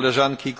koleżanki